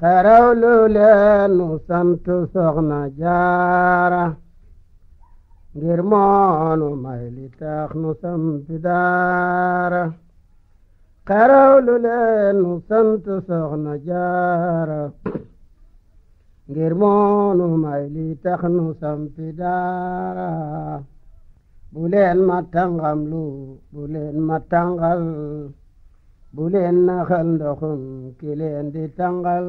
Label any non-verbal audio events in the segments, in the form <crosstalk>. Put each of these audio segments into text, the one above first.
tarawlu leenu sant soxna jaara ngir moonu may li tax nu sampi daara tarawlu leenu sant soxna jaara ngir moonu may li nu sampi daara bu leen ma tàngam lu bu ma tàngal bu leen naxal ndoxum ki leen di tàngal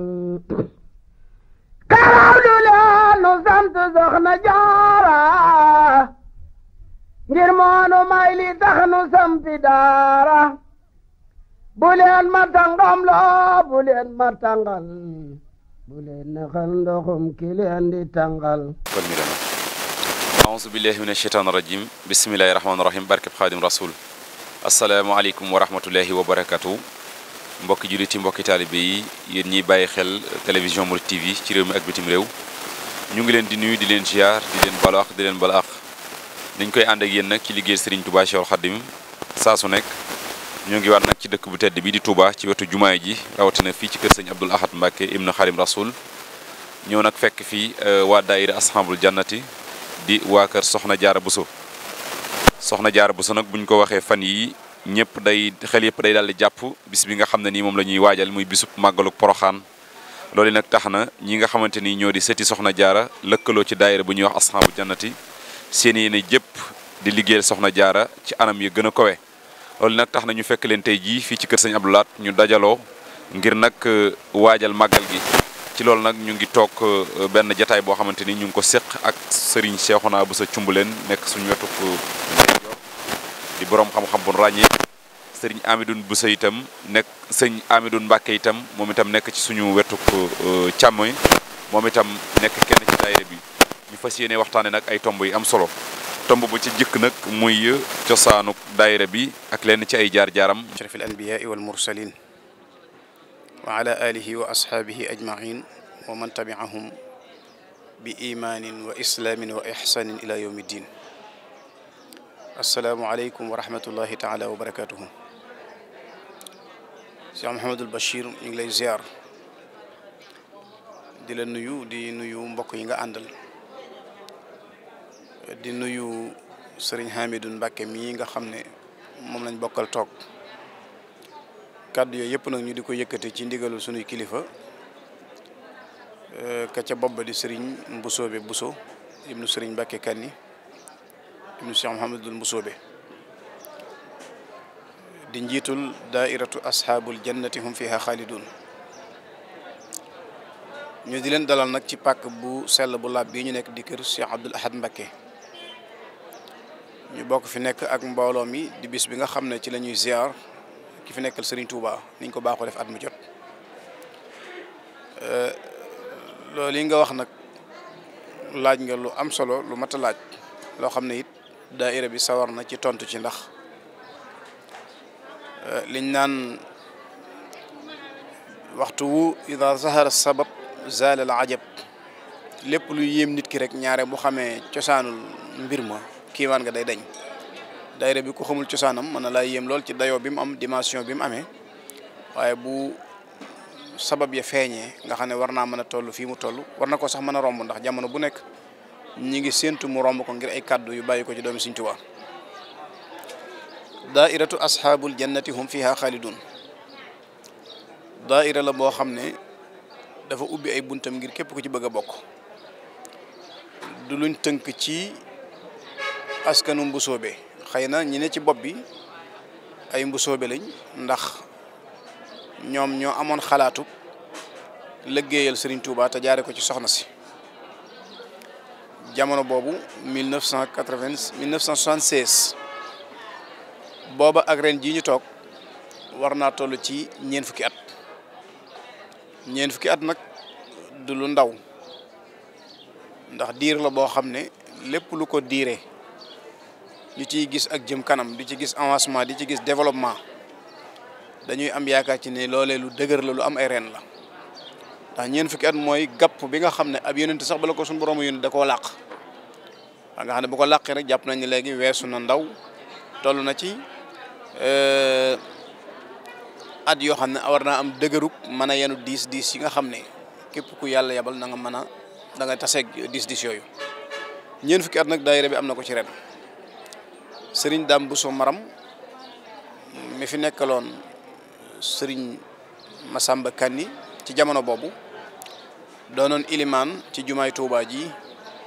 <coughs> karaw du leen nu sant soxna jaara ngir moonu may tax nu sampi daara bu ma tàngam loo bu ma tàngal bu leen naxal ndoxum ki di tàngal kon ñu dem auzu billahi min asheytaan bismillahi rahmaani rahim barkeb xaadim rasul asalaamaaleykum wa rahmatullahi wa barakatu mbokki jullit yi mbokki taalibe yéen ñiy bàyyi xel télévision Mouride TV ci réew mi ak bitim réew ñu ngi leen di nuyu di leen ziar di leen balu di leen balu ak koy ànd ak yéen nag ci liggéey Serigne Touba Cheikhoul Khadim saa su nekk ñu ngi waat nag ci dëkk bu tedd bi di Touba ci wetu jumaay ji rawatina fii ci kër sëñ Abdoul Ahad Mbacke Ibn Xarim Rasoul ñëw nag fekk fii waa daayira Ashabul Jannati di waa kër Soxna Jaara Buso soxna jaar bu so bu ñu ko waxee fan yi ñëpp day xel yëpp day daal di jàpp bis bi nga xam ne nii moom la ñuy waajal muy bisub màggaluk poroxaan loolu nag tax na ñi nga xamante ni ñoo di sëti soxna jaara lëkkaloo ci daayira bu ñuy wax asxaabu jannati seen yéene jëpp di liggéeyal soxna jaara ci anam yi gën a kowe loolu nag tax na ñu fekk leen tey jii fii ci kër sëñ Abdou laat ñu dajaloo ngir nag euh, waajal màggal gi ci loolu nag ñu ngi toog euh, benn jataay boo xamante ni ñu ngi ko séq ak Serigne Cheikhouna Bousso Cumbuleen nekk suñu wetuk euh, di borom xam-xam bu ràññee Serigne Amidoune Bousso itam nekk sëñ Amidoune Mbacke yitam moom itam nekk ci suñu wetuk euh, càmmoñ moom itam nekk kenn ci daayira bi ñu fas yéene waxtaane nag ay tomb yi am solo tomb bu ci jëkk nag muy cosaanuk daayira bi ak lenn ci ay jaar-jaaram sharafil anbiyaa wal mursalin وعلى آله وأصحابه أجمعين ومن تبعهم بإيمان وإسلام وإحسان إلى يوم الدين السلام عليكم ورحمة الله تعالى وبركاته سي محمد البشير إنجلي زيار دي لنيو دي نيو مبقو ينغا أندل دي نيو سرين حامد باكي ميغا خمني مملن بقل توك kaddu yooyu yëpp nag ñu diko ko ci ndigalu suñu kilifa euh, ka ca bobba di sëriñ Buso ibnu sëriñ bakke Kanni ibnu Cheikh dul Mbusoobe di njitul dairatu ashabul jannati hum fiha khalidun ñu di leen dalal nak ci pak bu sel bu laab ñu nek di kër Cheikh abdul Ahad mbacke ñu bok fi nek ak mbolo mi di bis bi nga xamne ci lañuy ziar ki fi nekkal Serigne Touba niñ ko baaxu def at mu jot euh, loolu yi nga wax nag laaj nga lu am solo lu mat laaj loo xam ne it daaira bi sawar na ci tontu ci ndax euh, liñ naan waxtu wu ida zahara sabab zaala al ajab lépp lu yéem nit ki rek ñaare bu xamee cosaanul mbir ma kiiwaan nga day dañ daayira bi ko xamul mana mën na laa yéem ci dayo bim am dimension bim amé waye bu sabab ya feñé nga xane Warna mëna tollu fi mu tollu warna ko sax mëna romb ndax jamono bu nek ñi ngi sentu mu romb ko ngir ay cadeau yu bayiko ci doomi Sëriñ Tuubaa daairatu ashabul jannati hum fiha khalidun daaira la bo xam dafa ubbi ay buntam ngir kep ku ci bëgga bok du luñ teunk ci bu sobe xëy na ñi ne ci bopp bi ay mbusoobe lañ ndax ñoom ñoo amoon xalaatu liggéeyal Serigne Touba te jaare ko ci soxna si jamono boobu 1980 1976 booba ak ren jii ñu toog war naa toll ci ñeent fukki at ñeent fukki at nag du lu ndaw ndax diir la boo xam ne lépp lu ko diire di ci gis ak jëm kanam di ci gis avancement di ci gis développement dañuy am yaakaar ci ne loolee lu dëgër la lu am ay ren la ndax ñeen fukki at mooy gàpp bi nga xam ne ab yonent sax bala ko suñu borom yonent da koo làq nga xam ne bu ko làqee rek jàpp nañu ne léegi weesu na ndaw toll na ci euh, at yoo xam ne war naa am dëgërug mën a yenu diis diis yi nga xam ne képp ku yàlla yabal na nga mën a da nga taseeg diis diis yooyu ñeen fukki at nag daayira bi am na ko ci ren sëriñ daam Bousso Maram mi fi nekkaloon sëriñ Massamba Kanni ci jamono boobu doonoon ilimaan ci jumaay Touba ji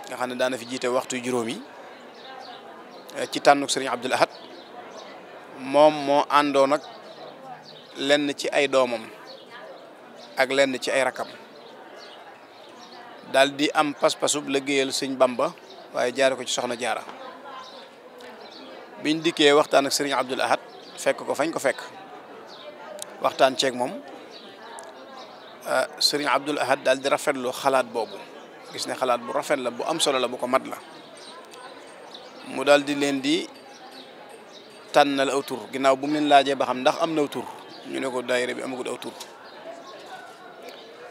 nga ne daana fi jiite waxtu juróomi eh, ci tànnuk sëriñ Abdul Ahad moom moo àndoon ak lenn ci ay doomam ak lenn ci ay rakam daal di am pas-pasub liggéeyal sëñ Bamba waaye jaare ko ci soxna jaara biñ dikkee waxtaan ak sëriñ Abdul Ahad fekk ko fañ ko fekk waxtaan ceeg moom euh, sëriñ Abdul Ahad daal di rafetlu xalaat boobu gis ne xalaat bu rafet la bu am solo la bu ko mat la mu daal di leen di tànnal aw tur ginnaaw bu mu leen laajee ba xam ndax am na aw ñu ne ko daayira bi amagul aw tur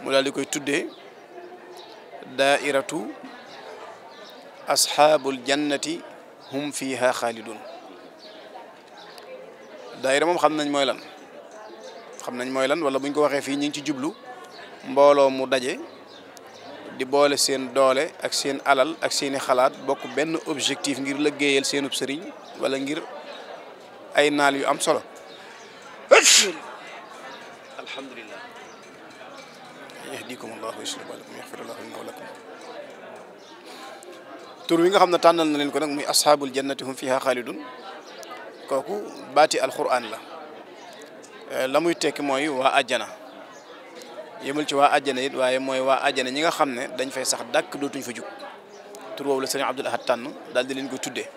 mu daal di koy tuddee daairatu asxaabul jannati hum fiha xaalidun daayira moom xam nañ mooy lan xam nañ mooy lan wala buñ ko waxee fii ñu ngi ci jublu mbooloo mu daje di boole seen doole ak seen alal ak seeni xalaat bokk benn objectif ngir liggéeyal seenub sëriñ wala ngir ay naal yu am solo alhamdulillah yahdikum allahu wa yuslih balakum yaxfir allahu wa lakum tur wi nga xam ne tànnal na leen ko nag muy ashaabul jannati hum fiha xaalidun kooku baati alquran la eh, la muy tekki mooy waa àjjana yëmul ci waa àjjana it waaye mooy waa àjjana ñi nga xam ne dañ fay sax dàkk dootuñ fa jug tur woowu la sëriñ Abdul Ahad tànn daal di leen ko tuddee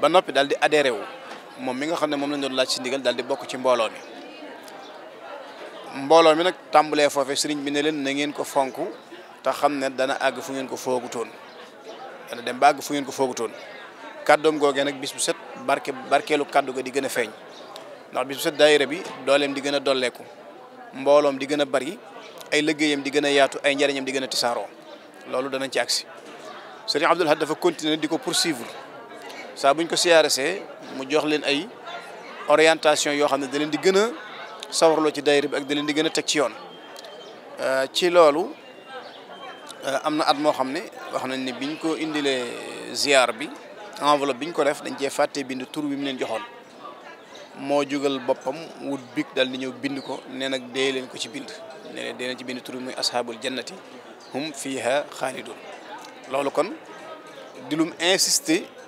ba noppi daal di adhéré wu moom mi nga xam ne moom lañ doon laaj ci ndigal daal di bokk ci mbooloo mi mbooloo mi nag tàmbalee foofe sëriñ bi ne leen na ngeen ko fonk te xam ne dana àgg fu ngeen ko foogutoon dana dem ba àgg fu ngeen ko foogutoon kàddoom googee nag bis bu set barke barkeelu kàddu ga di gën a feeñ ndax bis bu set daayira bi dooleem di gën a dolleeku mbooloom di gën a bari ay liggéeyam di gën a yaatu ay njariñam di gën a tisaaroo loolu danañ ci agsi sëriñ Abdul Ahad dafa continuer di ko pour poursuivre saa buñ ko siyaaresee mu jox leen ay orientation yoo xam ne da leen di gën a sawarloo ci daayira bi ak da leen di gën a teg ci yoon euh, ci loolu euh, am na at moo xam ne wax nañ ne biñ ko indilee ziar bi enveloppe bi ñu ko def dañ jee fàtte bind tur bi mu leen joxoon moo jugal boppam wut big dal di ñëw bind ko nee nag dee leen ko ci bind nee leen dee leen ci bind tur bi muy ashaabul jannati hum fiha xaalidun loolu kon dilum lum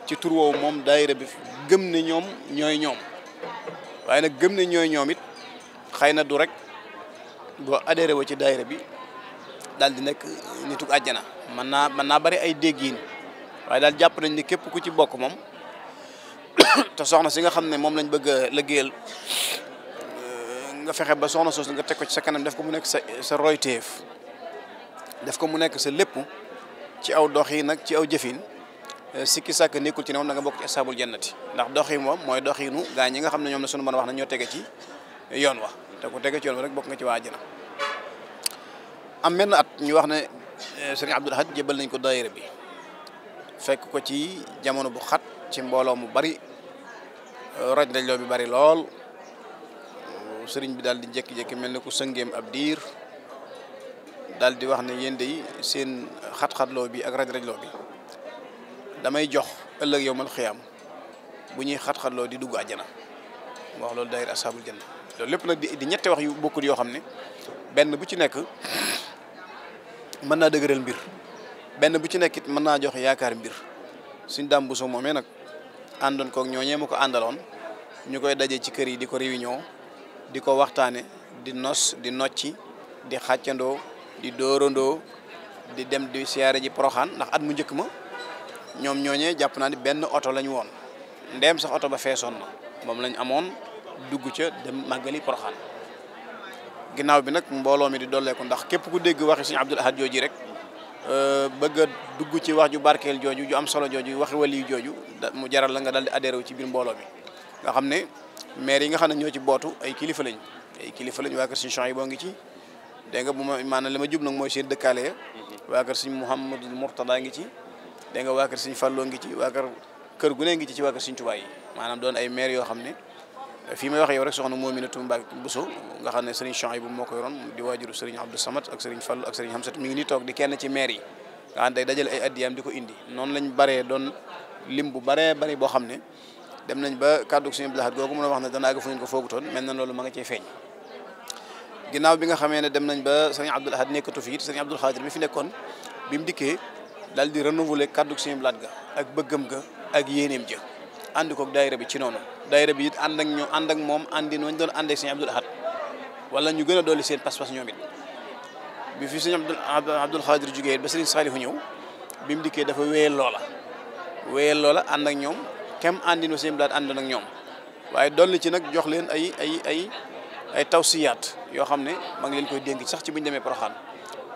ci tur moom daayira bi gëm ne ñoom ñooy ñoom waaye nag gëm ne ñooy ñoom it xëy na du rek boo adhéré ci daayira bi dal di nekk nituk àjjana mën naa mën naa bari ay déggiin waaye daal jàpp nañ ni képp ku ci bokk moom <coughs> te soxna si nga xam ne moom lañ bëgg a liggéeyal euh, nga fexe ba soxna soos nga teg ci sa kanam def ko mu nekk sa sa royteef def ko mu nekk sa lépp ci aw dox yi nag ci aw jëfin euh, sikki sàkk nekkul ci ne moom da nga bokk ci asaabul jannati ndax dox yi mooy dox yi gaa ñi nga xam ne ñoom la sunu mën a wax na tege ci yoon wa te ku tege ci yoon wa rek bokk nga ci waa jana am benn at ñu wax ne euh, sëriñ Abdul Ahad jébbal nañ ko daayira bi fekk ko ci jamono bu xat ci mbooloo mu bari roj dañ bi bari lool sëriñ bi daal di jékki-jékki mel ni ku sëngeem ab diir daal di wax ne yéen de seen xat-xatloo bi ak raj-rajloo bi damay jox ëllëg yowmal xiyaam bu ñuy xat-xatloo di dugg àjjana wax loolu daayir asaabul janna loolu lépp nag di ñetti wax yu bokkul yoo xam ne benn bu ci nekk mën naa dëgëral mbir benn bu ci nekk it mën naa jox yaakaar mbir suñ daam buso moomee nag àndoon koog ñooñee mu ko àndaloon ñu koy ci kër yi di ko réunion di ko di nos di nocci di xàccandoo di dóorandoo di dem di siyaare ji poroxaan ndax at mu njëkk ma ñoom ñooñee jàpp naa ni benn oto lañu woon ndeem sax oto ba feesoon na moom lañ amoon dugg ca dem màggali poroxaan ginnaaw bi nag mbooloo mi di dolleeku ndax képp ku dégg waxi Abdul Ahad jooji rek Euh, bëgg dugg ci wax ju barkeel jooju ju am solo jooju waxi wali jooju mu jaral la nga daal di adhéré wu ci biir mbooloo mi nga xam ne maire yi nga xam ne ñoo ci bootu ay kilifa lañ ay kilifa lañ waa kër suñu champs yi boo ngi ci dégg nga bu ma maanaam li ma jub nag mooy seen dëkkaale ya mhm. waa kër suñu Mouhamadou Mourtada ngi ci dégg nga waa kër suñu Falloo ngi ci waa kër gu ne ngi ci ci waa kër suñu yi maanaam doon ay maire yoo xam ne fii may wax yow rek soxna Mominatou Mbacke Bousso nga xam ne Serigne Chouaïbou moo ko yoroon di waajuru Serigne Abdou Samad ak Serigne Fall ak Serigne Hamsat mi ngi nii toog di kenn ci maire nga xam day dajale ay addiyaam di ko indi noonu lañ baree doon lim bu baree bari boo xam ne dem nañ ba kàddu suñu bilaxat googu mën a wax ne dana àgg fu ñu ko foogutoon mel na loolu ma nga cee feeñ ginnaaw bi nga xamee ne dem nañ ba Serigne Abdoul Ahad nekkatu fi it Serigne Abdoul mi fi nekkoon bi mu dikkee daal di renouveler kàddu suñu bilaxat ga ak bëggam ga ak yéeneem ja ànd koog daayira bi ci noonu daayira bi it ànd ak ñu ànd ak moom àndin wañ doon ànd ak Abdul Ahad wala ñu gën a dolli seen pas-pas ñoom it bi fi sëñ Abdul Abdul Xaadir jógee ba sëriñ Saalihu ñëw bi mu dikkee dafa wéyal loola wéyal loola ànd ak ñoom kem àndin wa sëñ Abdul Ahad ak ñoom waaye dolli ci nag jox leen ay ay ay ay tawsiyaat yoo xam ne ma ngi leen koy dénk sax ci bu ñu demee Poroxaan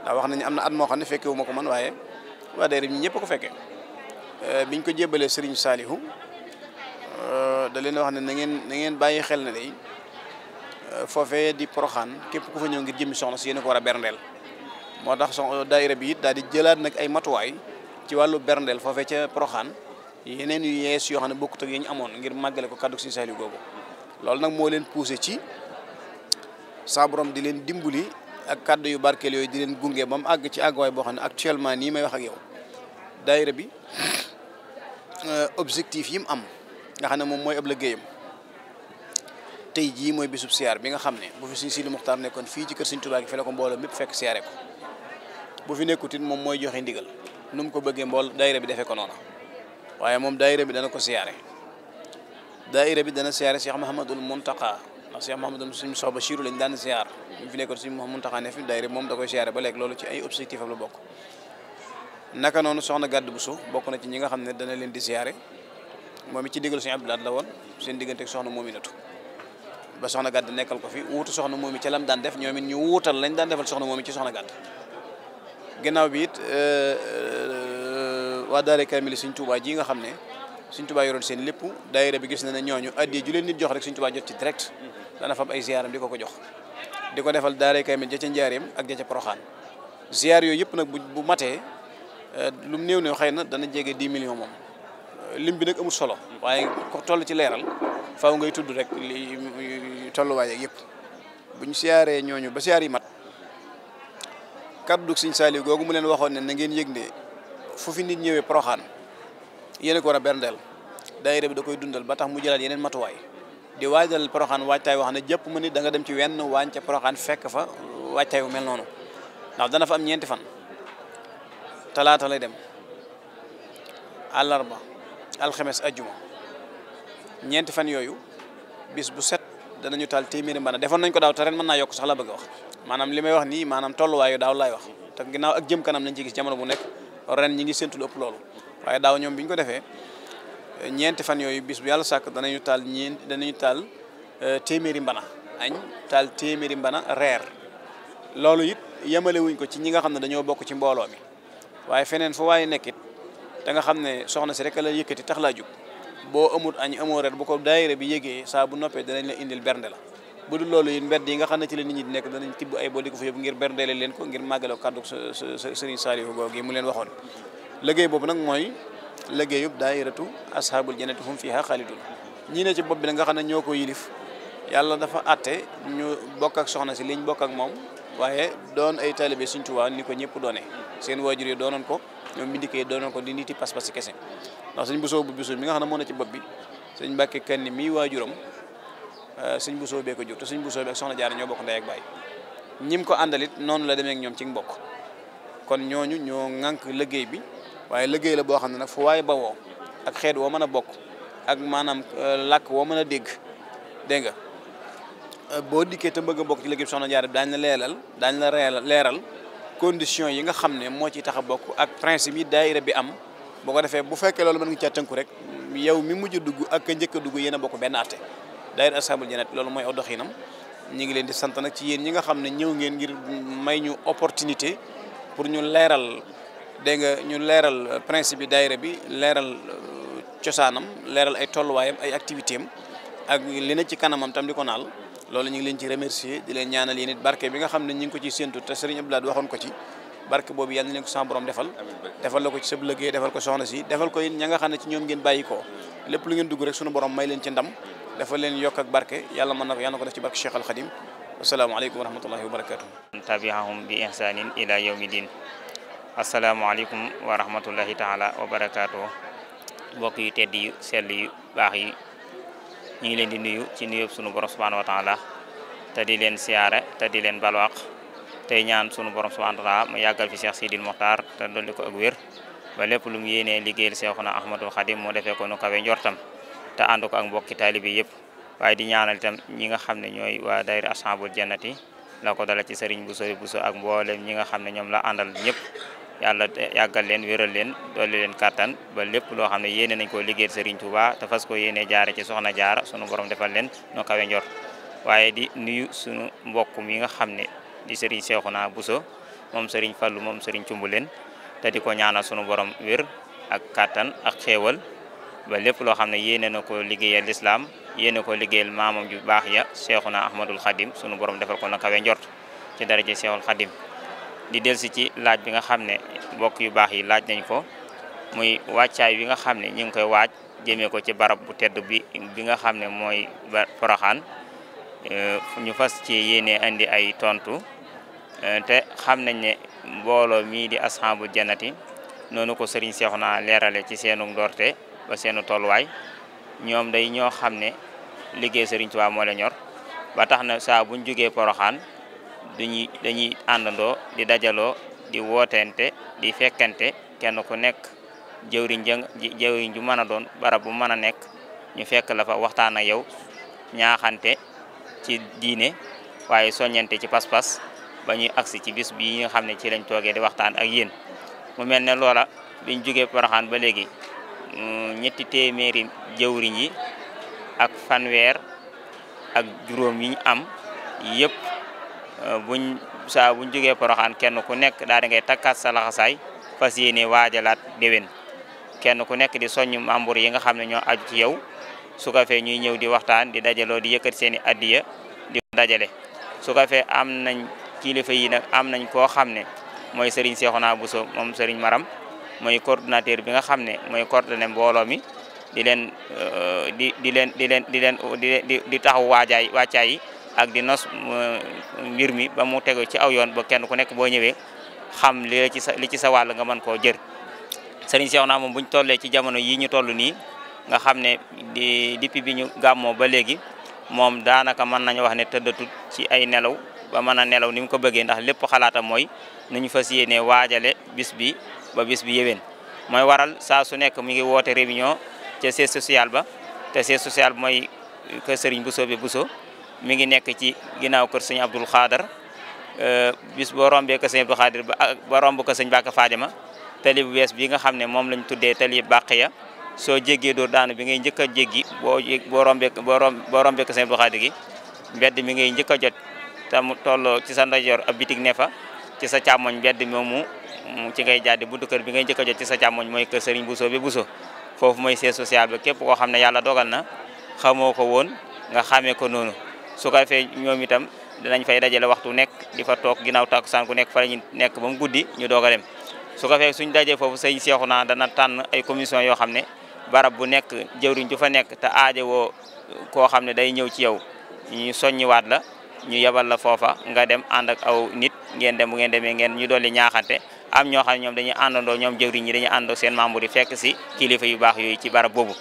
ndax wax nañu am na at moo xam ne fekke wu ma ko man waaye waa daayira bi ñëpp a ko fekkee eh, biñ ko jébalee sëriñ Saalihu da leen wax ne na ngeen na ngeen bàyyi xel ne day euh, foofee di poroxaan képp ku fa ñëw ngir jëmmi soxna si yéen ko war a berndeel moo tax soxna daayira bi it daal di jëlaat nag ay matuwaay ci wàllu berndeel foofee ci poroxaan yeneen yu yees yoo xam ne bokkut ak yi ñu amoon ngir màggale ko kàddu Sëriñ Saaliw boobu loolu nag moo leen poussé ci saa borom di leen dimbali ak kàddu yu barkeel yooyu di leen gunge ba mu àgg ci àgguwaay boo xam ne actuellement nii may wax ak yow daayira bi euh, yi mu am nga xamne mom moy ëblë geeyam tay ji moy bisub siar bi nga xamne bu fi Sëriñ Sidi mukhtar nekkon fi ci kër Sëriñ touba gi fi la ko mbolo mépp fekk siaré ko bu fi nekkut it moom mooy joxe ndigal num ko bëggee mbol daayira bi defé ko nona waye mom daayira bi dana ko siaré daayira bi dana siaré Cheikh mohammedul Muntaqa ndax Cheikh Mahamadul Sëriñ Musaa Basiiru lañ daan siyaar bu fi nekkoon Sëriñ Muntaqa ne fi daayira mom da koy siyaare ba lek lolu ci ay objectif am lu bok naka nonu soxna gaddu busu su na ci ñi nga xamne dana leen di siyaare moom it ci digalu Sëriñ Abdou Lahad la woon seen diggante ak soxna Mominatou ba soxna Gàdd nekkal ko fi wuutu soxna Momi ca lam daan def ñoom it ñu wuutal lañ daan defal soxna Momi ci soxna Gàdd ginnaaw bi it euh, euh, waa daare kaamil Sëriñ Tuubaa ji nga xam ne Sëriñ Tuubaa yoroon seen lépp daayira bi gis na ne ñooñu addiya ju leen nit jox rek Sëriñ Tuubaa jot ci direct dana fam ay ziyaaram di ko ko jox di ko defal daare kaamil ja ca Njaareem ak ja ca Poroxaan ziyaar yooyu yëpp nag bu matee euh, lu mu néew néew xëy na dana jege 10 million moom lim bi nag amul solo waaye ko toll ci leeral faw ngay tudd rek li tolluwaay ak yëpp bu ñu siyaaree ñooñu ba siyaar yi mat kaddu Sëriñ Saaliw googu mu leen waxoon ne na ngeen yëg ne fu nit ñëwee Poroxaan yéen a ko bi da koy dundal ba tax mu jëlaat yeneen matuwaay di waajal Poroxaan waajtaay wax ne jëpp ma ni danga dem ci wenn waañ ca Poroxaan fekk fa waajtaay wu mel noonu ndax dana fa am ñeenti fan talaata lay dem àllarba alxames ajjuma ñeenti fan yooyu bis bu set danañu taal téeméeri mbana defoon nañ ko daaw te ren mën naa yokk sax la bëgg a wax maanaam li may wax nii maanaam tolluwaayu daaw laay wax te ak jëm kanam lañ ci gis jamono ren ñi ngi séntu lu loolu waaye daaw ñoom bi ñu ko defee fan yooyu bis bu yàlla sàkk danañu taal ñeen danañu taal euh, téeméeri mbana añ taal téeméeri mbana reer loolu it yemale wuñ ko ci ñi nga xam ne dañoo bokk ci mbooloo mi waaye feneen fu waaye nekkit te nga xam ne soxna si rek la yëkkati tax laa jug boo amut añ amoo reer bu ko daayira bi yëgee saa bu noppee danañ la indil bernde la bu du loolu yi mbedd yi nga xam ne ci la nit di nekk danañ tibb ay bool di ko fa leen ko ngir màggale ko kàddu sëriñ Saliou googu yi mu leen waxoon liggéey boobu nag mooy liggéeyub daayiratu ashaabul jannati hum fiha xaalidun ñii ne ci bopp bi nag nga xam ne ñoo ko yilif yàlla dafa àtte ñu bokk ak soxna si liñ bokk ak moom waaye doon ay taalibe Sëriñ Tuubaa ni ko ñëpp doonee seen waajur yi doonoon ko ñoom bi dikkee doona ko di niti pas-pas kese ndax bu Bousso bu Bousso mi nga xam ne moo ne ci bopp bi sëñ Mbàkke Kanni mi waajuram euh, sëñ Bousso bee ko jur te sëñ Bousso bi ak soxna Jaara ñoo bokk ndey ak baay ñim ko àndalit noonu la demee ñoom ci mbokk kon ñooñu ñoo ŋànk liggéey bi waaye liggéey la boo xam ne nag fu waaye ba ak xeet woo mën a bokk ak maanaam euh, lakk woo mën a dégg dégg nga euh, boo dikkee te bëgg a bokk ci liggéey bi soxna Jaara daañ la leeral daañ la leeral condition yi nga xam ne moo ciy tax a bokk ak principe yi daayira bi am boo ko defee bu fekkee loolu mën nga caa tënku rek yow mi mujj dugg ak njëkk a dugg yéen a bokk benn atte daayira Ashaabul Jannati loolu mooy aw doxinam ñu ngi leen di sant nag ci yéen ñi nga xam ne ñëw ngeen ngir may ñu opportunité pour ñu leeral dégg nga ñu leeral principe yi daayira bi leeral cosaanam leeral ay tolluwaayam ay activité am ak li na ci kanamam tam di ko naal loolu ñu ngi leen ci remercier di leen ñaanal yéen it barke bi nga xam ne ñu ngi ko ciy séentu te Serigne Abdoulaye waxoon ko ci barke boobu yàlla na leen ko sa borom defal defal ko ci sa liggéey defal ko soxna si defal ko yéen nga xam ne ci ñoom ngeen bàyyi ko lépp lu ngeen dugg rek sunu borom may leen ci ndam dafa leen yokk ak barke yàlla mën na ko yàlla ko def ci barke Cheikh Al Khadim asalaamaaleykum wa rahmatullahi wa barakatuh tabiahum bi ihsanin ila yawmi din asalaamaaleykum wa rahmatullahi taala wa barakatuh mbokk yu tedd yu sell yu baax yi ñi ngi leen di nuyu ci nuyób sunu borom subhanahu wa taala te di leen siyaare te di leen balwaq te ñaan sunu borom subhanahu wa taala mu yàggal fi Cheikh Sidil Mokhtar te dolli ko ak wér ba lépp lu mu yéenee liggéeyal cheikhuna Ahmadul Xadim mu defee ya ko nu kawe njortam te ànd ko ak mbokki yi yëpp waaye di ñaanal itam ñi nga xam ne ñooy waa daayira Ashabul Jannati la ko dala ci sëriñ bu sori bu so ak mboolem ñi nga xam ne ñoom la àndal ñëpp yàlla yàggal leen wéral leen dolli leen kàttan ba lépp loo xam ne yéene nañ koo liggéeyal Serigne Touba te fas ko yéene jaare ci soxna jaara sunu borom defal leen no kawe njor waaye di nuyu sunu mbokk mi nga xam ne di Serigne Cheikhouna Bousso moom Serigne falu moom Serigne Cumbuleen te di ko ñaanal sunu borom wér ak kàttan ak xéewal ba lépp loo xam ne yéene na ko liggéeyal lislaam yéene ko liggéeyal maamam ju baax ya Cheikhouna Ahmadul Khadim sunu borom defal ko no di delsi ci laaj bi nga xam ne mbokk yu baax yi laaj nañ ko muy wàccaay bi nga xam ne ñu ngi koy waaj jëmee ko ci barab bu tedd bi bi nga xam ne mooy Poroxaan euh, ñu fas ci yéene indi ay tontu euh, te xam nañ ne mbooloo mii di asxaabu jenati noonu ko Serigne naa leerale ci seenu ndorte ba seenu tolluwaay ñoom day ñoo xam ne liggéey Serigne Touba moo la ñor ba tax na saa buñ jógee Poroxaan dañuy dañuy andando di dajalo di wotente di fekkante kenn ku nek jëwriñ jeng jëwriñ ju mana don doon barab bu mana nek nekk ñu fekk la fa waxtaan ak yow ñaaxante ci diine waye soññante ci pass pass bañuy aksi ci bis bi nga xamne ci lañ toge di waxtaan ak yeen mu melne loola biñ jógee ba mm, ñetti téméri ñi ak fanwer ak juroom yi ñu am yépp Euh, buñ saa buñ jógee poroxaan kenn ku nekk daal di ngay takkaat sa laxasaay fas yéene waajalaat déwén kenn ku nekk di soññ membre yi nga xam ne ñoo aju ci yow su ko ñuy ñëw di waxtaan di dajaloo di yëkkati seen i addiya di dajale su ko am nañ kilifa yi nag am nañ koo xam ne mooy Serigne Cheikhouna Bousso moom Serigne Maram mooy cordinateur bi nga xam ne mooy coordonné mbooloo mi di leen euh, di di leen di leen di leen di di taxaw waajaay wàccaay yi ak di nos uh, mbir mi ba mu tegu ci aw yoon ba kenn ku nekk boo ñëwee xam li ci sa li ci sa wàll nga man koo jër sëriñ Seexuna moom buñ tolee ci jamono yi ñu toll nii nga xam ne di depuis bi ñu gàmmoo ba léegi moom daanaka man nañu wax ne tëddatut ci ay nelaw ba mën a nelaw ni mu ko bëggee ndax lépp xalaatam mooy nu ñu fas yéene waajale bis bi ba bis bi yéwén mooy waral saa su mu ngi woote réunion ca siège social ba te siège social mooy kër sëriñ Bousso bi Bousso mi ngi nek ci ginnaaw kër sëñ Abdul euh bis borom be ko seigne Abdul khader ba romb ko seigne Bàkka fadima talib wess bi nga xamne mom lañ tuddé talib Baqiya so jéggee do daan bi ngay njëkk a jéggi boo boo rombee boo rombee ko seigne Abdul khader gi mbedd mi ngay njëkk a jot tam tolo ci sa ndajor ab bitik nefa ci sa càmmoñ mbedd moomu ci ngay jàddi buddu keur bi ngay njëkk jot ci sa càmmoñ moy keur seigne buso bi buso fofu moy sé social bi képp ko xamne yalla dogal na xamoko won nga xamé ko noonu su ko defee ñoom itam dinañ fay dajale waxtu nekk di fa toog ginnaaw takkusaan ku nekk fa la nekk ba mu guddi ñu doog a dem su ko fee suñ dajee foofu sëñ seexu naa dana tànn ay commission yoo xam ne barab bu nekk jëwriñ ju fa nekk te aajo woo koo xam ne day ñëw ci yow ñu soññiwaat la ñu yebal la foofa nga dem ànd ak aw nit ngeen dem bu ngeen demee ngeen ñu dolli ñaaxante am ñoo xam ne ñoom dañuy àndandoo ñoom jëwriñ ñi dañuy àndoo seen membre yi fekk si kilifa yu baax yooyu ci barab boobu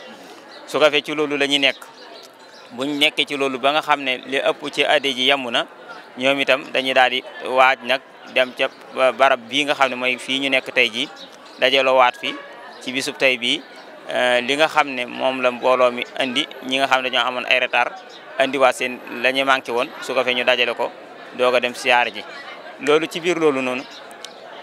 buñ nekkee ci loolu ba nga xam ne li ëpp ci addi ji yemu na ñoom itam dañuy daal di waaj nag dem ca barab bii nga xam ne mooy fii ñu nekk tey jii dajaloo waat fi ci bisub tey bii eh, li nga xam ne moom la mbooloo mi indi ñi nga xam ne dañoo amoon ay retard indiwaat seen la ñu manqué woon su ko ñu dajale ko doog a dem siyaar ji loolu ci biir loolu noonu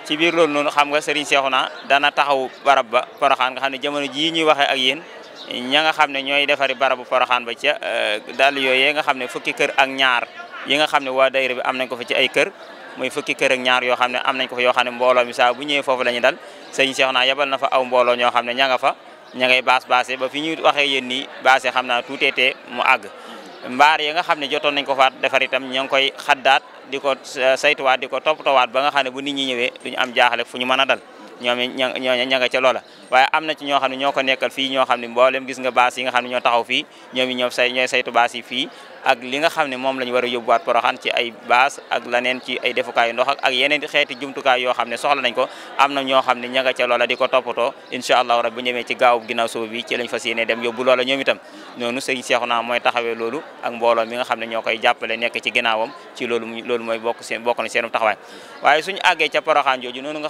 ci biir loolu noonu xam nga Serigne Cheikhouna dana taxaw barab ba Porokhane nga xam ne jamono jii ñuy waxee ak yéen ña nga xam ne ñooy defari barabu Poroxaan ba ca euh, dàll yee nga xam ne fukki kër ak ñaar yi nga xam ne waa daayira bi am nañ ko fa ci ay kër muy fukki kër ak ñaar yoo xam ne am nañ ko fa yoo xam ne mbooloo mi saa bu ñëwee foofu la ñuy dal sëñ Cheikh yebal na fa aw mbooloo ñoo xam ne ña nga fa ña ngay baas ba fi ñuy waxee yéen nii baase xam naa tuuteetee mu àgg mbaar yi nga xam ne jotoon nañ ko faat defar itam ñoo ngi koy xaddaat di ko euh, saytuwaat di ko toppatowaat ba nga xam ne bu nit ñi ñëwee duñu am jaaxle fu ñu mën a dal ñoo ña ña nga ca loola waaye am na ci ñoo xam ne ñoo ko nekkal fii ñoo xam ne mboolem gis nga baas taxaw fii ñoo saytu baas yi fii li nga xam ne moom la ñu war a ci ay baas ak leneen ci ay defukaayu xam ne soxla nañ ko am na ne ña nga loola di ko toppatoo allahu rabbi bu ñemee ci gaaw ginnaaw suba ci lañ fas yéene dem yóbbu loola ñoom noonu sëñ Seexuna mooy taxawee loolu ak mbooloo nga xam ne ñoo koy jàppale ci ginnaawam ci loolu loolu mooy bokk taxawaay waaye suñu àggee ca Poroxaan jooju noonu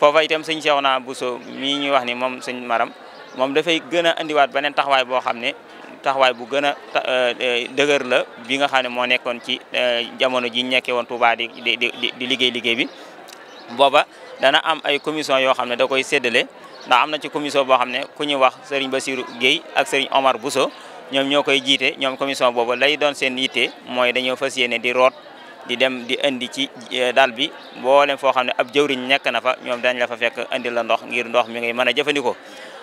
foofa itam sëñ Cheikhouna buso mii ñuy wax ni moom sëñ Maram moom dafay gën a andiwaat beneen taxawaay boo xam ne taxawaay bu gën a euh, euh, dëgër la bi nga xam ne moo nekkoon ci euh, jamono ji nekkee woon tubaa di di di di liggéey liggéey bi booba dana am ay commission yoo xam ne da koy séddale ndax am na ci commission boo xam ne ku ñuy wax Serigne Bassirou Guèye ak Serigne Omar Bousso ñoom ñoo koy jiite ñoom commission boobu lay doon seen yitte mooy dañoo fas yéene di root di dem di indi ci eh, dal bi mboolem foo xam ne ab jëwriñ nekk na fa ñoom dañ la fa fekk indi la ndox ngir ndox mi ngay mën a jëfandikoo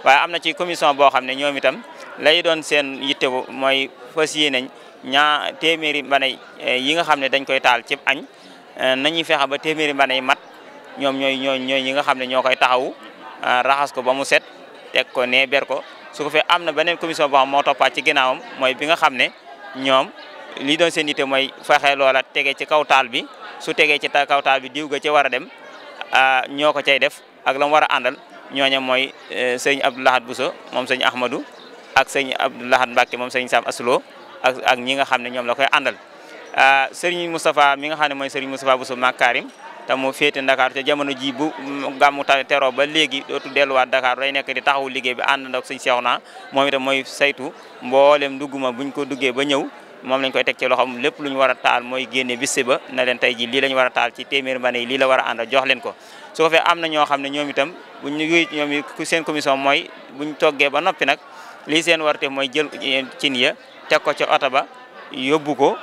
waaye am na ci commission boo xam ne ñoom itam lay doon seen yitte bu mooy fas yéene ñaa téeméeri mbanay eh, yi nga xam ne dañ koy taal cib añ eh, nañuy fexe ba téeméeri mbanay mat ñoom ñooy ñooy ñooy ñi nga xam ne ñoo koy taxawu raxas ko ba mu set teg ko ne ber ko su am na beneen commission boo xam moo toppaat ci ginnaawam mooy bi nga xam ne ñoom li doon seen nité moy fexe lola tégué ci kaw taal bi su tégué ci kaw taal bi diw ga ci wara a dem ah ñoko cey def ak lam wara andal ñoña moy seigne abdullah sëñ mom seigne Ahmadou ak seigne abdullah Mbacke mom seigne Sam Aslo ak ak ñi nga xamné ñom la koy ah seigne mustapha mi nga xamné moy seigne mustapha Moustapha Makarim ta mo fété Dakar ci jamono ji bu ta téro ba léegi dootu delluwaat Dakar ray nek di taxaw liggéey bi and ndok seigne cheikhna momi tam moy saytu duguma buñ ko duggé ba ñew moom lañ koy teg ci loxoom lépp lu ñu a taal mooy génne bés ba na leen tey ji lii la ñu war a taal ci téeméer mbaane yi lii la war a ànd jox leen ko su ko fee am na ñoo xam ne ñoom itam buñ ñu ñoom seen commission mooy buñ toggee ba noppi nag lii seen warte mooy jël eh, cin ya teg ko ca oto ba yóbbu ko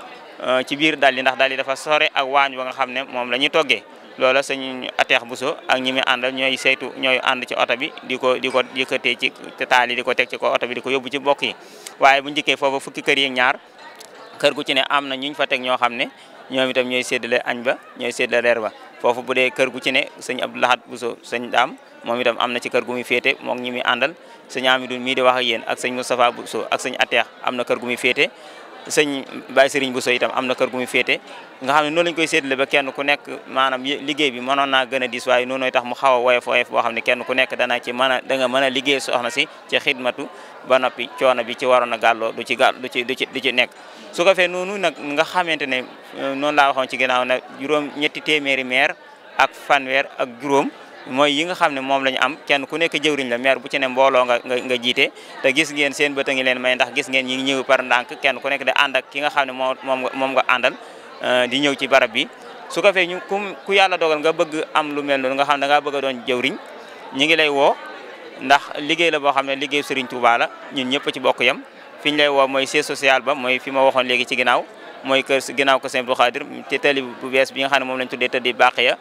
eh, ci biir dal yi ndax dal dafa sore ak waañ ba nga xam ne moom la ñuy toggee loola sëñ ateex buso ak ñi muy àndal ñooy saytu ñooy ànd ci oto bi di ko di ko yëkkatee ci taal yi di ko teg ci ko oto bi di ko yóbbu ci bokk yi kër gu ci ne am na ñuñ fa teg ñoo xam ne ñoom itam ñooy séddale añ ba ñooy séddale reer ba foofu bu dee kër gu ci ne sëñ Abdou Lahad Bousso sëñ daam moom itam am na ci kër gu muy féete moom ñi muy àndal sëñ Amidou mii di wax ak yéen ak sëñ Moustapha Bousso ak sëñ Ateex am na kër gu muy féete sëñ Baye Serigne Bousso itam am na kër gu muy féete nga xam ne noonu lañ koy séddale ba kenn ku nekk maanaam liggéey bi mënoon naa gën a diis waaye noonu tax mu xaw a woyof woyof boo xam ne kenn ku nekk dana ci mën a da nga mën a liggéey soxna si ci xidmatu ba noppi coono bi ci waroon a gàlloo du ci gàll du ci du ci du nekk su ko noonu nag nga xamante ne noonu laa waxoon ci ginnaaw nag juróom ñetti téeméeri meer ak fanweer ak juróom mooy yi nga xam ne moom la ñu am kenn ku nekk jëwriñ la maire bu ci ne mbooloo nga nga jiite te gis ngeen seen bët leen may ndax gis ngeen ñi ngi ñëw par ndànk kenn ku nekk da ànd ki nga xam ne moo moom moom nga àndal euh, di ñëw ci barab bi su ko fee ñu ku ku yàlla dogal nga bëgg am lu mel noonu nga xam ne da ngaa bëgg doon jëwriñ ñi ngi lay woo ndax liggéey la boo xam ne liggéey Serigne Touba la ñun ñëpp ci bokk yam fi ñu lay woo mooy siège social ba mooy fi ma waxoon léegi ci ginnaaw mooy kër ginnaaw ko Sëñ Abdou Khadir te tali bu bees bi nga xam ne moom lañ tuddee tëddi bàq ya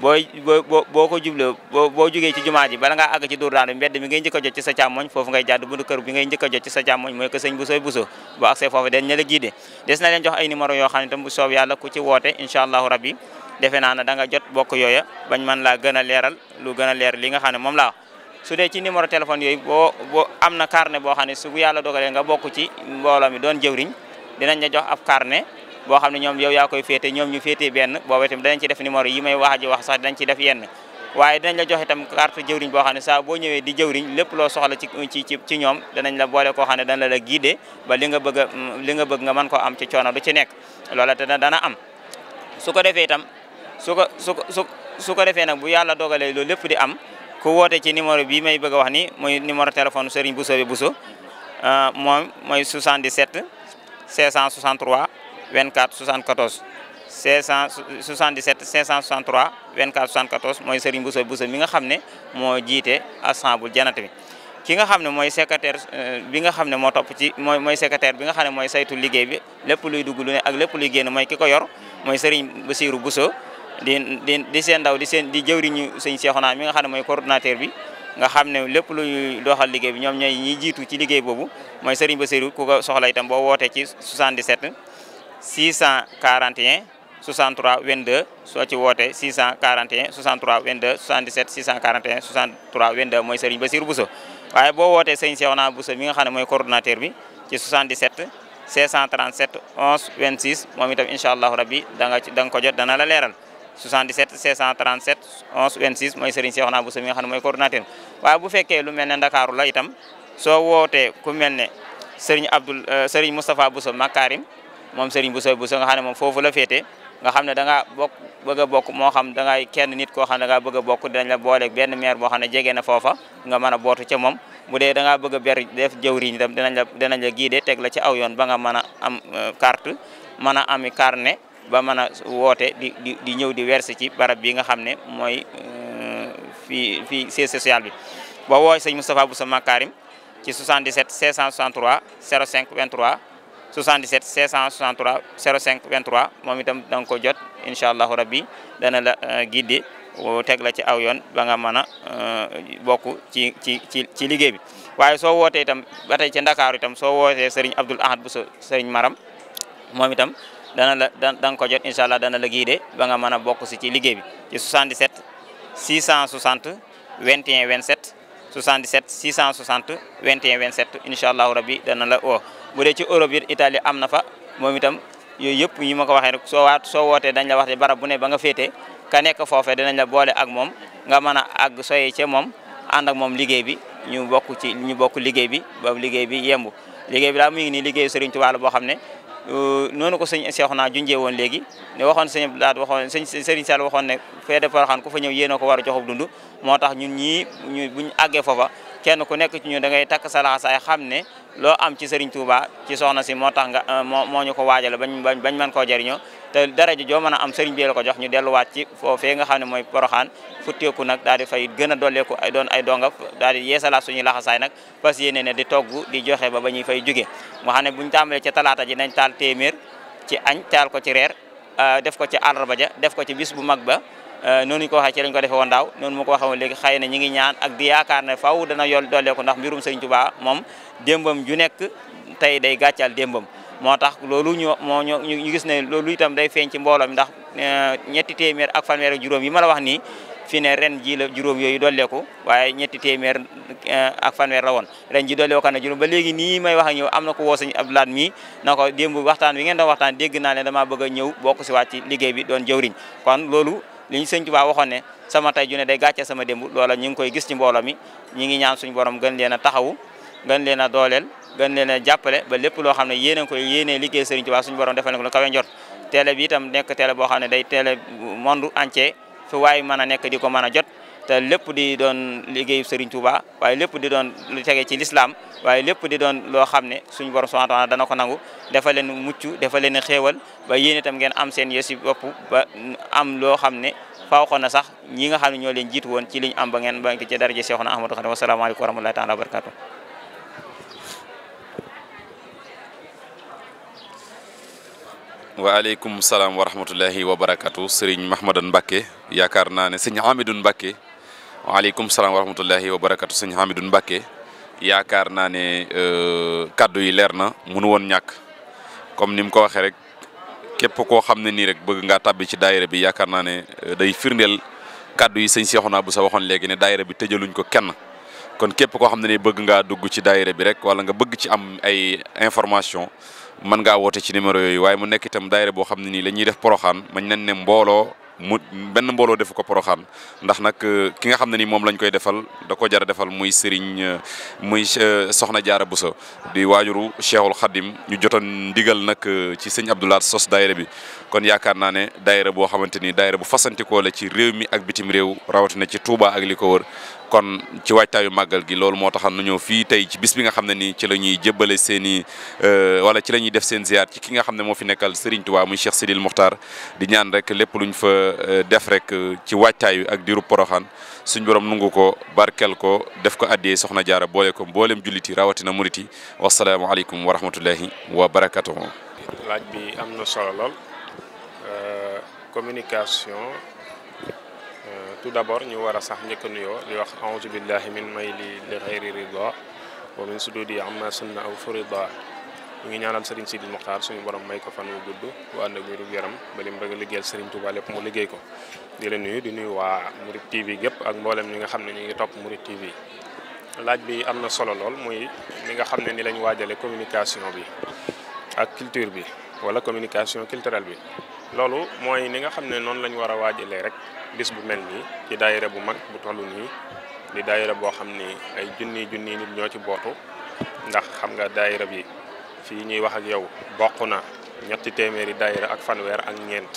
booy boo boo ko jubloo boo boo jógee ci jumaa ji bala nga àgg ci dóor daan bi mbedd mi ngay njëkk a jot ci sa càmmoñ foofu ngay jàdd buntu kër bi ngay njëkk a jot ci sa càmmoñ mooy ko sëñ Bousso Bousso boo agsee foofu den ña la guidé des na leen jox ay numéro yoo xam ne tam bu soob yàlla ku ci woote incha allahu rabbi defe naa ne da jot bok yooya bañ man laa gën a leeral lu gën a leer li nga xam ne moom laa su dee ci numéro téléphone yooyu boo boo am na carnet boo xam ne su bu yàlla dogalee nga bokk ci mbooloo mi doon jëwriñ dinañ la jox ab carnet boo xam ne ñoom yow yaa koy féete ñoom ñu féete benn boo itam danañ ci def numéro yi may wax ji wax sax danañ ci def yenn waaye dañ la jox itam carte jëwriñ boo xam ne sax boo ñëwee di jëwriñ lépp loo soxla ci ci ci ci ñoom danañ la boole koo xam ne dana la guidé ba li nga bëgg li nga bëgg nga mën koo am ci coono du ci nekk loola te dana am su ko defee itam su ko su su su ko defee nag bu yàlla dogalee loolu lépp di am ku woote ci numéro bii may bëgg wax ni muy numéro téléphone Serigne Bousso bi Bousso euh, moom mooy 77 663 24 74 577 563 24 74 mooy Serigne Bousso Bousso mi nga xam ne moo jiite assemblée janat bi ki nga xam ne mooy secrétaire euh, bi nga xam ne moo topp ci mooy mooy secrétaire bi nga xam ne mooy saytu liggéey bi lépp luy dugg lu ne ak lépp luy génn mooy ki ko yor mooy Serigne Bassirou Bousso di di di seen di seen di jëwriñu sëñ Cheikhouna mi nga xam ne mooy coordonnateur bi nga xam ne lépp luy doxal liggéey bi ñoom ñooy ñiy jiitu ci liggéey boobu mooy Serigne Bassirou ku ko soxla itam boo wootee ci 77 641 63 22 soo ci wootee 641 63 22 77 641 63 22 mooy Serigne Bassirou Bousso waaye boo wootee Serigne Cheikhouna Bousso mi nga xam ne mooy coordonnateur bi ci 77 637 11 26 moom itam incha allahu rabbi da nga da nga ko jot dana la leeral 77 637 11 26 mooy Serigne Cheikhouna Bousso mi nga xam ne mooy coordonnateur bi waaye bu fekkee lu mel ne Ndakaaru la itam soo wootee ku mel ne Serigne Abdoul euh, Serigne Moustapha Bousso Makarim moom Serigne Bousso Bousso nga xam ne moom foofu la féete nga xam ne da ngaa bokk bëgg a bokk moo xam da ngay kenn nit koo xam ne da a bokk dinañ la booleeg benn maire boo xam ne jege na foofa nga mën a bootu ca moom bu dee da ngaa bëgg a ber def jëwriñ itam dana la dinañ la guider teg la ci aw yoon ba nga mën a am euh, carte mën a ami ne ba mën a woote di di ñëw di verser ci barab bi nga xam ne mooy euh, fii fii siège social bi boo wooy sëñ Moustapha Bousso Makarim ci 77 563 05 23 77 563 05 23 moom itam da nga ko jot incha rabbi dana la eh, giddi oh, teg la ci aw yoon ba nga mën a eh, bokk ci ci ci ci liggéey bi waaye soo wootee itam ba ci Ndakaaru itam soo wootee Serigne Abdoul Ahad bu Serigne Maram moom itam dana la da ko jot incha allah dana la giidee ba nga mën a bokk ci liggéey bi ci 77 660 21 27 77 660 21 27 incha allahu rabbi dana la oh, woo bu dee ci Europe it Italie am na fa moom itam yooyu yëpp yi ma ko waxee rek soo waat soo wootee dañ la wax bara bu ne ba nga féetee ka nekk foofee dinañ la boole ak moom nga mën a àgg soye ca moom ànd ak moom liggéey bi ñu bokk ci ñu bokk liggéey bi ba liggéey bi yembu liggéey bi daal mu ngi nii liggéeyu Serigne Touba la boo xam ne euh, noonu ko sëñ Seexuna junjee woon léegi ne waxoon sëñ daat waxoon sëñ Serigne Sall waxoon ne fee de Porokhane ko fa ñëw yéen a war a joxub dund moo tax ñun ñii ñu buñ àggee foofa kenn ku nekk ci ñu da ngay takk sa laxasaay xam ne loo am ci Serigne Touba ci soxna si moo tax nga euh, moo ñu ko waajale bañ bañ mën koo jëriñoo te dara joo man a am Serigne bi la ko jox ñu delluwaat ci foofee nga xam ne mooy poroxaan futteeku nag daal di fay gën a ko ay doon ay donga daal di yeesalaat suñuy laxasaay nag parce que ne di togg di joxe ba ba ñuy fay jugee nga xam ne buñ tàmbalee ci talaata ji nañ taal téeméer ci añ taal ko ci reer euh, def ko ci àllarba ja def ko ci bis bu mag ba Euh, noonu ñu ko waxee ci lañ ko defee woon daaw noonu mu ko waxee woon léegi xëy ngi ñaan ak di yaakaar ne faw dana yol dooleeku ndax mbirum sëñ Tuubaa moom démbam ju nekk tey day gàccal démbam moo tax loolu ñu moo ñu gis ne loolu itam day feeñ ci mbooloo mi ndax euh, ñetti téeméer ak fanweer juróom yi ma la wax nii fi ne ren ji juróom yooyu dolleeku waaye ñetti téeméer euh, ak fanweer la woon ren ji dolleeku kan na juróom ba léegi nii may wax ak ñëw am na ko woo sëñ Abdoulaat mii na ko démb waxtaan wi geen doon waxtaan dégg naa ne damaa bëgg a bokk si waat liggéey bi doon jëwriñ kon li ñu sëñ Tuubaa waxoon ne sama tey ju ne day gàcce sama demb loola ñu ngi koy gis ci mbooloo mi ñi ngi ñaan suñu borom gën leen a taxawu gën leen a dooleel gën leen a jàppale ba lépp loo xam ne yéene koy yéene liggéey sëriñ Tuubaa suñu borom defal ko lu kawe njot télé bi itam nekk télé boo xam ne day télé monde entier fi waaye mën a nekk di ko mën a jot te lépp di doon liggéeyu Serigne Touba waaye lépp di doon lu tege ci lislaam waaye lépp di doon loo xam ne suñu borom subhanahu wa dana ko nangu dafa leen mucc dafa leen xéewal ba yéen itam ngeen am seen yësi bopp ba am loo xam ne faaw xoon na sax ñi nga xam ne ñoo leen jiitu woon ci liñ am ba ngeen ba ngi ci daraje Seexuna Ahmadou Khadim wasalaamaaleykum wa rahmatullahi taala wa barakatu waaleykum salaam wa rahmatullahi wa barakatu Serigne Mahmadan Mbacké yaakaar naa ne Serigne Amidou Mbacké waaleykum salaam wa rahmatullahi wa barakatu sëñ Hamidou Mbacke yaakaar naa ne euh, kaddu yi leer na munu woon ñàkk comme ni mu ko waxee rek képp koo xam ne nii rek bëgg nga tàbbi ci daayira bi yaakaar naa ne euh, day firndeel kaddu yi sëñ Seexuna bu sa waxoon léegi ne daayira bi tëjaluñ ko kenn kon képp koo xam ne ne bëgg ngaa dugg ci daayira bi rek wala nga bëgg ci am ay information man ngaa woote ci numéro yooyu waaye mu nekk itam daayira boo xam ne nii la def poroxaan mañ nañ ne mbooloo mu benn mbooloo defu ko poroxaan ndax nag euh, ki nga xam ne ni moom lañ koy defal da ko jar a defal muy Serigne euh, muy euh, Soxna Jaara Buso di waajuru Cheikhul xadim ñu jotoon ndigal nag ci sëñ Abdoulaat sos daayira bi kon yaakaar naa ne daayira boo xamante ni daayira bu fasantikoo la ci réew mi ak bitim réew rawatina ci Touba ak li ko wër kon ci waajtaayu màggal gi loolu moo taxam na ñëw fii tey ci bis bi nga xam ne nii ci la ñuy jëbale seen i euh, wala ci la ñuy def seen ziar ci ki nga xam ne moo fi nekkal Serigne Touba muy Cheikh Sidil Mokhtar di ñaan rek lépp luñ fa euh, def rek euh, ci waajtaayu ak diiru Poroxaan suñ borom nungu ko barkel ko def ko addee soxna jaara boole ko mboolem jullit yi rawatina murit yi wasalaamaaleykum wa rahmatullahi wa barakatuhu laaj am na solo lool tout d'abord ñu wara sax ñëk nuyo li wax a'udhu billahi min mayli li ghayri ridha, wa min sududi amma sunna aw furida ñu ñaanal Serigne sidil Mokhtar suñu borom may ko fan wu gudd wa ande ak wéru yaram ba lim bëgg liggéel Serigne Touba lepp mu liggéey ko di leen nuyu di nuyu wa Murid TV gep ak mbolam ñi nga xamne ñi ngi top Murid TV laaj bi amna solo lol muy mi nga xamne ni lañ wajale communication bi ak culture bi wala communication culturelle bi loolu mooy ni nga xam ne noonu la ñu war a waajalee rek bis bu mel nii ci daayira bu mag bu toll nii di daayira boo xam ni ay junni junni nit ñoo ci bootu ndax xam nga daayira bi fii ñuy wax ak yow bokk na ñetti téeméeri daayira ak fanweer ak ñeent.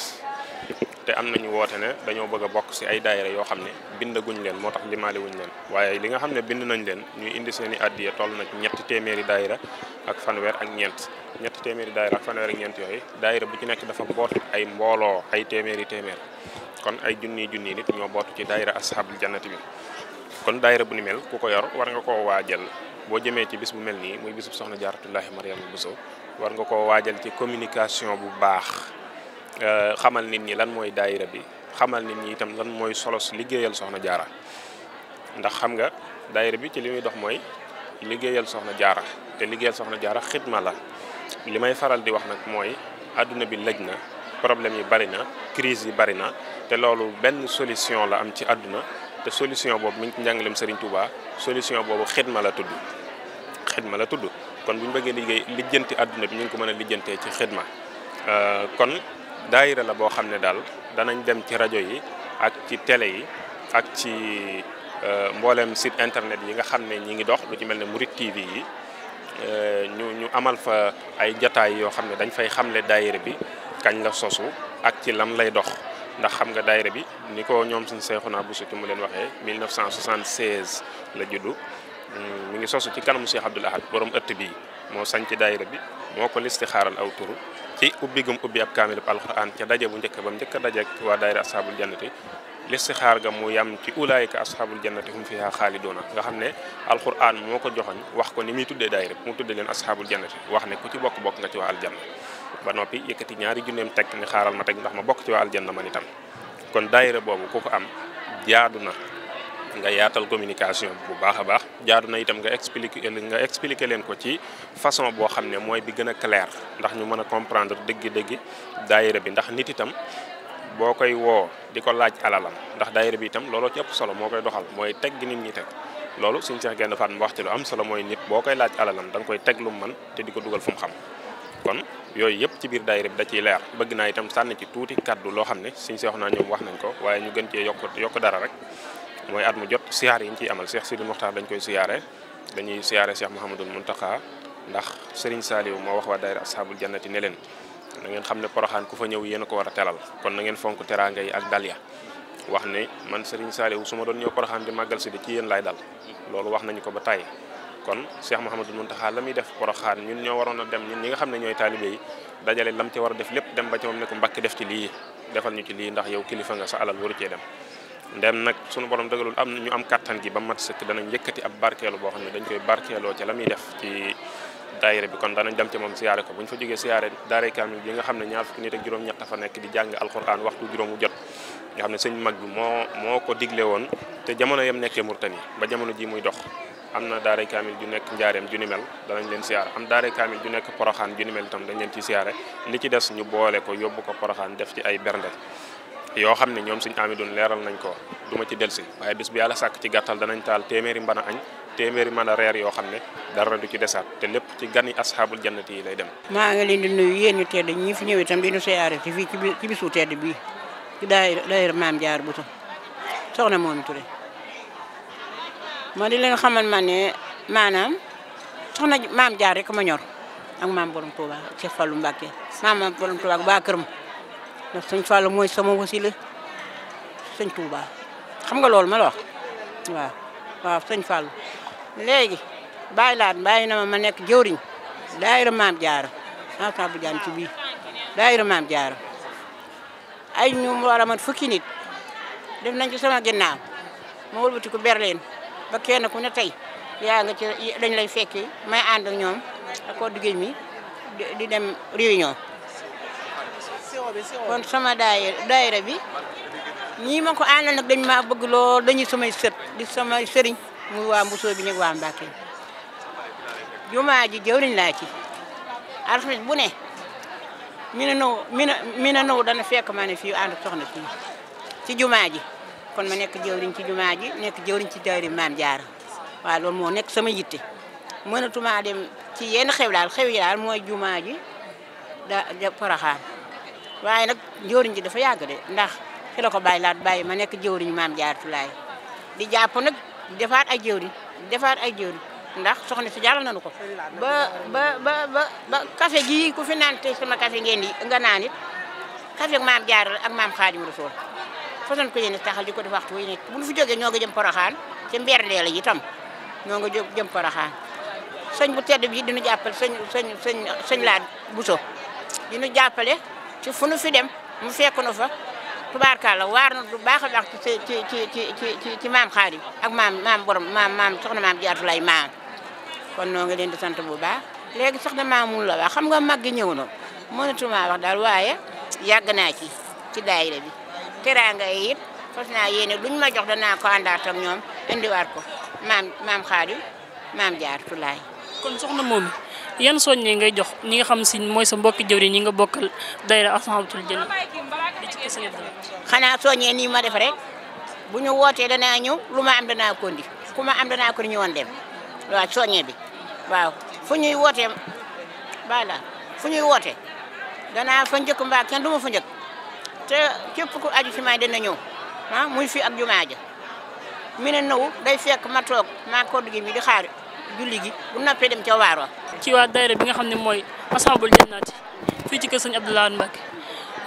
te amna ñu woté né dañoo bëgg a bokk ci ay daayira yo xamné ne bindaguñ leen motax limalé wuñ leen waaye li nga xamné bind nañ leen ñuy indi seeni addiya toll na ci ñetti daayira ak fanwer ak ñent ñett téméri daayira ak fanwer ak ñent yoy daayira bu ci nekk dafa boot ay mbolo ay téméri témér kon ay junni junni nit ñoo bootu ci daayira ashabul jannati bi kon daayira bu ni mel ku ko yor war nga ko waajal bo jëmee ci bis bu mel nii muy bisub soxna jaaratullahi mariama buso war nga ko waajal ci communication bu baax Euh, xamal nit ñi lan mooy daayira bi xamal nit ñi itam lan mooy solos liggéeyal soxna jaara ndax xam nga daayira bi ci li muy dox mooy liggéeyal soxna jaara te liggéeyal soxna jaara xidma la li may faral di wax nag mooy àdduna bi lëj na problème yi bari na crise yi bari na te loolu benn solution la am ci àdduna te solution boobu mu ngi ci njàngaleem Serigne Touba solution boobu xidma la tudd xidma la tudd kon bu ñu bëggee liggéey lijjanti àdduna bi ñu ngi ko mën a lijjantee ci xidma euh, kon daayira la boo xam ne daal danañ dem ci rajo yi ak ci télé yi ak ci euh, mboolem site internet yi nga xam ne ñi ngi dox lu ci mel ne Murid TV yi euh, ñu ñu amal fa ay jataay yoo xam ne dañ fay xamle daayira bi kañ la sosu ak ci lam lay dox ndax xam nga daayira bi ni ko ñoom suñ Seexuna bu ki mu leen waxee 1976 la juddu mu hmm, ngi sosu ci kanamu Cheikh Abdoul Ahad borom ëtt bi moo sañ ci daayira bi moo ko xaaral aw turu ci ubbi gum ubbi ab kaamilub alxuraan ca daje bu njëkk bam njëkk a dajeek waa daayira asxaabul jannati listixaar ga mu yam ci ulaayika asxaabul jannati hum fiha xaalidoona nga xam ne alxuraan moo ko joxoñ wax ko ni muy tuddee daayira mu tuddee leen asxaabul jannati wax ne ku ci bokk bokk nga ci waa aljanna ba noppi yëkkati ñaari junneem teg ni xaaral ma teg ndax ma bokk ci waa aljanna man itam kon daayira boobu ku ko am jaadu na nga yaatal communication bu baax a baax jaadu na itam nga expliquer nga expliquer leen ko ci façon boo xam ne mooy bi gën a clair ndax ñu mën a comprendre dëgg-dëgg daayira bi ndax nit itam boo koy woo di ko laaj alalam ndax daayira bi itam looloo ci solo moo koy doxal mooy teg nit ñi loolu suñ seex genn faat mu wax ci lu am solo mooy nit boo koy laaj alalam da koy teg lu mu mën te di ko dugal fu mu xam kon yooyu yëpp ci biir daayira bi da ciy leer bëgg naa itam sànni ci tuuti kàddu loo xam ne suñ seex naa ñoom wax nañ ko ñu gën cee yokk yokk dara rek mooy at mu jot siyaar yi ñu ciy amal Cheikh Sidi Mokhtar dañ koy siyaare dañuy siyaare Cheikh Mouhamadul Mountakha ndax Serigne Saliou moo wax waa daayira ashabul jannati ne leen na ngeen xam ne Porokhane ku fa ñëw yéen ko war a telal kon na ngeen fonk teraanga yi ak dalya wax ne man Serigne Saliou su ma doon ñëw Porokhane di màggal si ci yéen lay dal loolu wax nañu ko ba tàyyi kon Cheikh Mouhamadul Mountakha la muy def Porokhane ñun ñoo waroon a dem ñun ñi nga xam ne ñooy taalibe yi dajale lam ci war a def lépp dem ba ci moom def ci lii defal ñu ci lii yow kilifa nga sa alal waru cee dem ndem nag sunu borom dëgalul am ñu am kattan gi ba mat sëkk danañ yëkkati ab barkeelu boo xam ne dañ koy barkeeloo ci la muy def ci daayira bi kon danañ dem ci moom siyaare ko bu ñu fa jógee siyaare daaray kaamil bi nga xam ne ñaar fukki nit ak nekk di jàng alxuraan waxtu juróomu jot nga xam ne sëñ mag bi moo moo ko digle woon te jamono yam nekkee Murtani ba jamono ji muy dox am na daaray kaamil ju nekk njaareem ju danañ leen siyaare am daaray kaamil ju nekk poroxaan ju ni mel dañ leen ci siyaare li ci des ñu boole ko yóbbu ko poroxaan def ci ay bernde yoo xam ne ñoom suñ amidun leeral nañ koo du ma ci si waaye bis bu yàlla sàkk ci gàttal danañ taal téeméeri mban a añ téeméeri mën reer yoo xam ne dara du ci desaat te lépp ci gan yi asxaabul jannati yi lay dem maa ngi leen di nuyu yéen ñu tedd ñi fi ñëw itam di ñu siyaare ci fii ci bisu tedd bii ci daayira maam jaar bu soxna Momi Touré ma di leen xamal ma ne maanaam soxna maam jaar rek ma ñor ak maam borom Touba Cheikh Fallou Mbacké maam borom Touba ak waa ndax sëñ Fall mooy sama wasila sëñ Touba xam nga loolu ma la wax waaw waaw sëñ Fall léegi bàyyi laat bàyyi na ma ma nekk jëwriñ daayira maam jaara ensemble jaan ci bii daayira maam jaara ay ñu war a mat fukki nit def nañ ci sama ginnaaw ma wëlbati ko Berlin ba kenn ku ne tey yaa nga ci dañ lay fekki may ànd ñoom ak ko duggéej mi di dem réunion kon sama daay daayira bi ñii ma ko àndal nag dañ ma bëgg lool dañuy samay sët di samay sëriñ muy waa Mbusoo bi ñu waa Mbàkke jumaa ji jëwriñ laa ci alxames bu ne mi na naw mi na mi na naw dana fekk ma fii ànd soxna fii ci jumaa ji kon ma nekk jëwriñ ci jumaa ji nekk jëwriñ ci daayira Maam Jaara waaw lool moo nekk sama yitte mënatuma dem ci yenn xew daal xew yi daal mooy jumaa ji da Porokhane waaye nag jëwriñ ji dafa yàgg de ndax fi ko bàyyi laat bàyyi ma nekk jëwriñ maam jaaratu laay di jàpp nag defaat ay di defaat ay jëwriñ ndax soxna si jàll nañu ko ba ba ba ba ba café gii ku fi naan te sama café ngeen di nga naan it café ak maam Jaara ak maam Xaadimu Rasuul façon ko yéene taxal di ko def waxtu wi ne bu ñu fi jógee ñoo nga jëm Poroxaan ci mberdee la itam nga jóg jëm Poroxaan sëñ bu tedd bi dinu jàppale sëñ sëñ sëñ sëñ laa jàppale ci fu nu fi dem mu fekk nu fa la waar na du baax a baax ci ci ci ci ci maam xaar yi ak maam maam borom maam maam soxna maam jaatu lay maam kon noo ngi leen di sant bu baax léegi soxna maamul la wax xam nga mag gi ñëw na mënatuma wax daal waaye yàgg naa ci ci daayira bi teraanga yi it fas naa yéene duñ ma jox danaa ko àndaat ak ñoom indiwaat ko maam maam xaar yi maam jaatu lay kon soxna moom yan soññee ngay jox ñi nga xam si mooy sa mbokki jëwriñ ñi nga bokkal daayira Ashaabul Janna xanaa soññee nii ma def rek bu ñu wootee danaa ñëw lu ma am danaa ko ku ma am danaa ko ñëwoon dem waaw soññee bi waaw fu ñuy wootee bala fu ñuy wootee danaa fa njëkk mbaa kenn du ma te képp ku aju ci may dana ñëw ah, muy fi ak jumaa ja mi ne naw day fekk ma toog maa kodd gi mi di xaar julli liggéey bu noppee dem ca waar wa ci bi nga xam ne mooy Massaboul Jinnaati fii ci kër sëñ Abdou Lahad Mbacké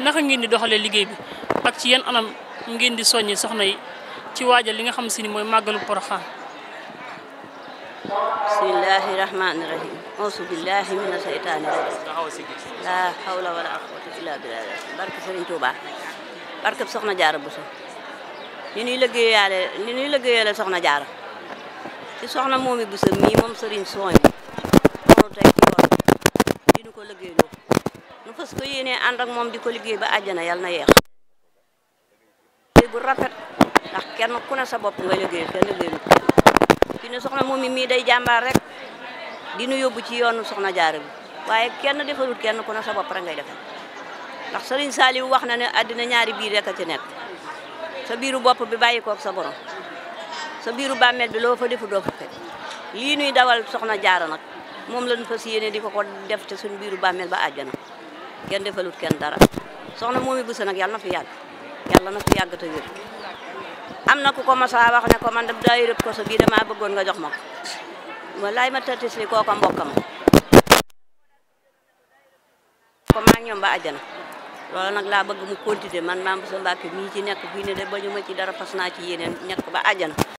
naka ngeen di doxalee liggéey bi ak ci yan anam ngeen di soññi soxna yi ci waajal li nga xam si ni mooy màggalu Poroxaan bismillahi rahmaani rahim ausu billahi mina sheytaani rajim laa hawla wala quwwata illaa billaah barke Sëriñ Tuubaa barke soxna Jaara Buso ni ñuy liggéeyaale ni ñuy liggéeyaale soxna Jaara ci soxna momi bu seum mi mom Serigne soñ moom tay ci war di nu ko liggéeyloo nu fas ko yene and ak mom di ko liggéey ba aljana yal na yeex liggéey bu rafet ndax kenn ku ne sa bop nga liggéey kenn liggéeylu fi ne soxna momi mi day jambar rek di nu yobbu ci yoonu soxna jaar bi waye kenn defalul kenn ku ne sa bop rek ngay def ndax Serigne Saliou wax na ne adina ñaari bi rek a ci nekk sa biiru bop bi bayiko ak sa borom sa biiru bàmmeel bi loo fa defu do fa li nuy dawal soxna jaara nak mom lañu fa siyene di ko def ci sun biiru bàmmeel ba aljana ken defalut ken dara soxna bu se nak yalla na fi yag yalla na fi yag ta wér amna na ku ko masa wax ne ko man dab daay ko sa bi dama beggon nga jox ma wallahi ma tatis li koko mbokam ko maa ñom ba aljana lolu nak la bëgg mu continuer man ma bu sa Mbàkke mi ci nekk fii ne de ba ma ci dara fasna ci yeneen nekk ba aljana